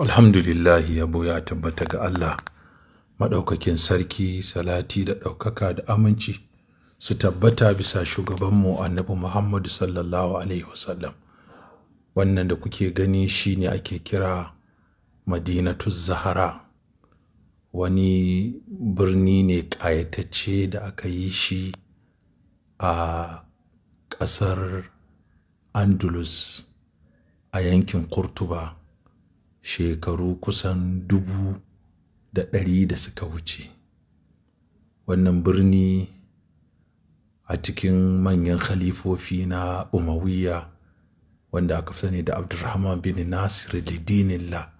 Alhamdulillahi yabo ya tabbata ga Allah, maɗaukakin sarki, salati da ɗaukaka da aminci su tabbata bisa shugabanmu annabi Muhammadu sallallahu Alaihi wasallam. Wannan da kuke gani shi ne ake kira Madinatu Zahara, wani birni ne ƙayatacce da aka yi shi a ƙasar Andalus a yankin Kurtuba. shekaru kusan dubu da ɗari da suka wuce. Wannan birni a cikin manyan khalifofi na Umawiyya, wanda aka sani da Abdurrahman bin Nasir Dinillah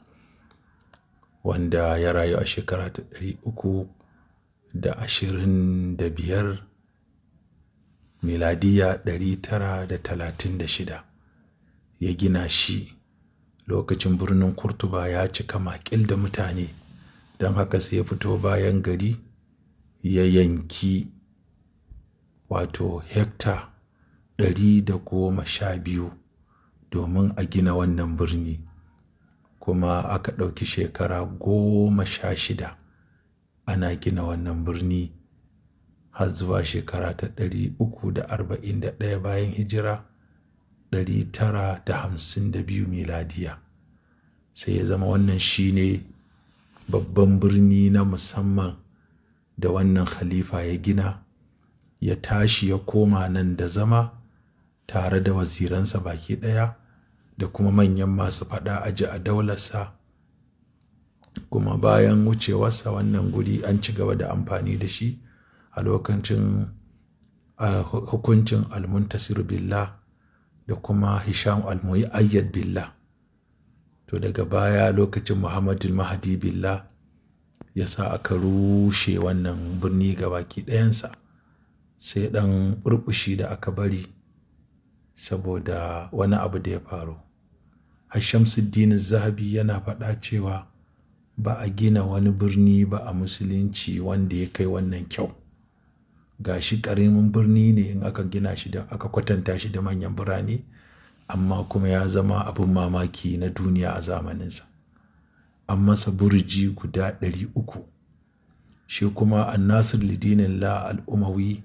wanda ya rayu a shekara ta ɗari uku da ashirin da biyar miladiya ɗari tara da talatin da shida ya gina shi lokacin birnin Kurtuba ya cika maƙil da mutane, don haka sai ya fito bayan gari ya yanki wato hekta ɗari da goma sha biyu domin a gina wannan birni, kuma aka ɗauki shekara goma sha shida ana gina wannan birni har zuwa shekara ta ɗari uku da arba'in da ɗaya bayan hijira. 1952 miladiya sai ya zama wannan shi ne babban birni na musamman da wannan khalifa ya gina ya tashi ya koma nan da zama tare da waziransa baki ɗaya da kuma manyan masu faɗa aji a daularsa kuma bayan wucewarsa wannan guri an ci gaba da amfani da shi a lokacin hukuncin almuntasir billah da kuma Hisham almuyi ayyad billah to daga baya lokacin Muhammadu mahadi billah ya sa aka rushe wannan birni ga baki ɗayansa sai ɗan burbushi da aka bari saboda wani abu da ya faru Hashamsuddin Zahabi yana faɗa cewa ba a gina wani birni ba a musulunci wanda ya kai wannan kyau ga shi ƙaramin birni ne in aka gina shi da aka kwatanta shi da manyan birane amma kuma ya zama abin mamaki na duniya a zamaninsa an masa burji guda ɗari uku shi kuma nasir lidinin la al'umawi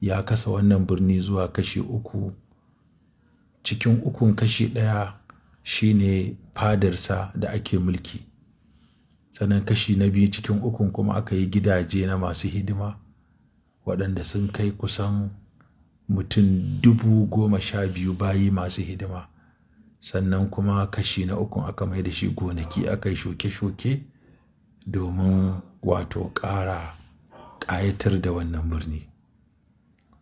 ya kasa wannan birni zuwa kashi uku cikin ukun kashi ɗaya shine fadarsa da ake mulki sannan kashi na biyu cikin ukun kuma aka yi gidaje na masu hidima waɗanda sun kai kusan mutum dubu goma sha biyu bayi masu hidima sannan kuma kashi na uku aka mai da shi gonaki aka yi shuke-shuke domin wato ƙara ƙayatar da wannan birni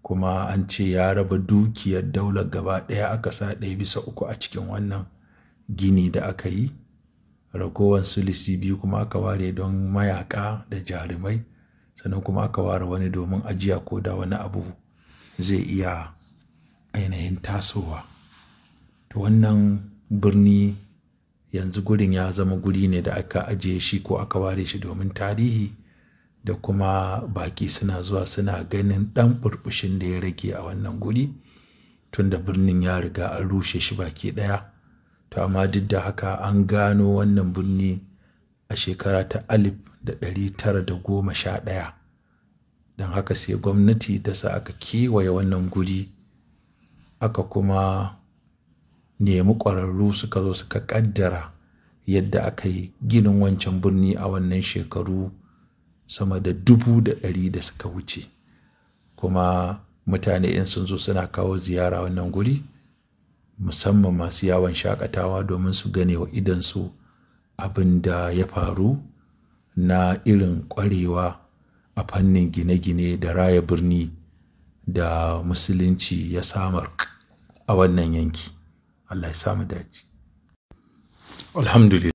kuma an ce ya raba dukiyar daular gaba ɗaya aka sa ɗaya bisa uku a cikin wannan gini da aka yi ragowar sulisi biyu kuma aka ware don mayaka da jarumai sannan kuma aka ware wani domin ajiya ko da wani abu zai iya ainihin tasowa to wannan birni yanzu gurin ya zama guri ne da aka ajiye shi ko aka ware shi domin tarihi da kuma baki suna zuwa suna ganin ɗan burbushin da ya rage a wannan guri tunda birnin ya riga an rushe shi baki ɗaya to amma duk da haka an gano wannan birni a shekara ta 1911 don haka sai gwamnati ta sa aka kewaye wannan guri aka kuma nemi ƙwararru suka zo suka ƙaddara yadda aka yi ginin wancan birni a wannan shekaru sama da dubu da ɗari da suka wuce kuma mutane in sun zo suna kawo ziyara wannan guri musamman masu yawon shakatawa domin su gane wa idansu abin da ya faru na irin ƙwarewa a fannin gine-gine da raya birni da musulunci ya samar a wannan yanki. Allah ya samu daji. Alhamdulillah.